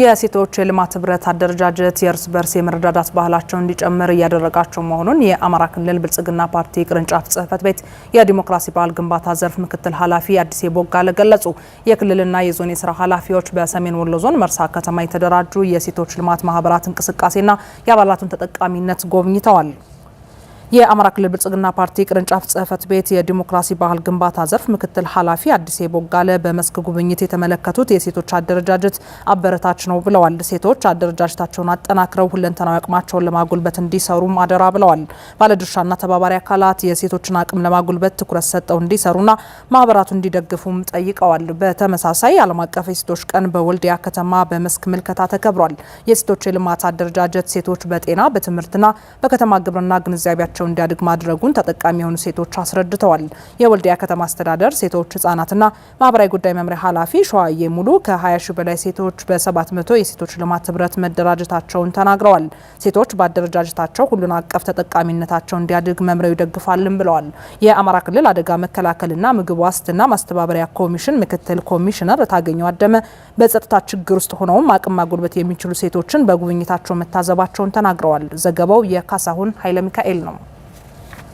የሴቶች የልማት ህብረት አደረጃጀት የእርስ በርስ የመረዳዳት ባህላቸውን እንዲጨምር እያደረጋቸው መሆኑን የአማራ ክልል ብልጽግና ፓርቲ ቅርንጫፍ ጽህፈት ቤት የዲሞክራሲ ባህል ግንባታ ዘርፍ ምክትል ኃላፊ አዲስ ቦጋለ ገለጹ። የክልልና የዞን የስራ ኃላፊዎች በሰሜን ወሎ ዞን መርሳ ከተማ የተደራጁ የሴቶች ልማት ማህበራት እንቅስቃሴና የአባላቱን ተጠቃሚነት ጎብኝተዋል። የአማራ ክልል ብልጽግና ፓርቲ ቅርንጫፍ ጽህፈት ቤት የዲሞክራሲ ባህል ግንባታ ዘርፍ ምክትል ኃላፊ አዲስ ቦጋለ በመስክ ጉብኝት የተመለከቱት የሴቶች አደረጃጀት አበረታች ነው ብለዋል። ሴቶች አደረጃጀታቸውን አጠናክረው ሁለንተናዊ አቅማቸውን ለማጎልበት እንዲሰሩም አደራ ብለዋል። ባለድርሻና ተባባሪ አካላት የሴቶችን አቅም ለማጎልበት ትኩረት ሰጠው እንዲሰሩና ማህበራቱ እንዲደግፉም ጠይቀዋል። በተመሳሳይ ዓለም አቀፍ የሴቶች ቀን በወልዲያ ከተማ በመስክ ምልከታ ተከብሯል። የሴቶች የልማት አደረጃጀት ሴቶች በጤና በትምህርትና በከተማ ግብርና ግንዛቤያቸው ቁጥራቸው እንዲያድግ ማድረጉን ተጠቃሚ የሆኑ ሴቶች አስረድተዋል። የወልዲያ ከተማ አስተዳደር ሴቶች ህጻናትና ማህበራዊ ጉዳይ መምሪያ ኃላፊ ሸዋዬ ሙሉ ከ20 ሺ በላይ ሴቶች በ700 የሴቶች ልማት ህብረት መደራጀታቸውን ተናግረዋል። ሴቶች በአደረጃጀታቸው ሁሉን አቀፍ ተጠቃሚነታቸው እንዲያድግ መምሪያው ይደግፋልን ብለዋል። የአማራ ክልል አደጋ መከላከልና ምግብ ዋስትና ማስተባበሪያ ኮሚሽን ምክትል ኮሚሽነር ታገኘው አደመ በጸጥታ ችግር ውስጥ ሆነውም አቅም ማጎልበት የሚችሉ ሴቶችን በጉብኝታቸው መታዘባቸውን ተናግረዋል። ዘገባው የካሳሁን ኃይለ ሚካኤል ነው።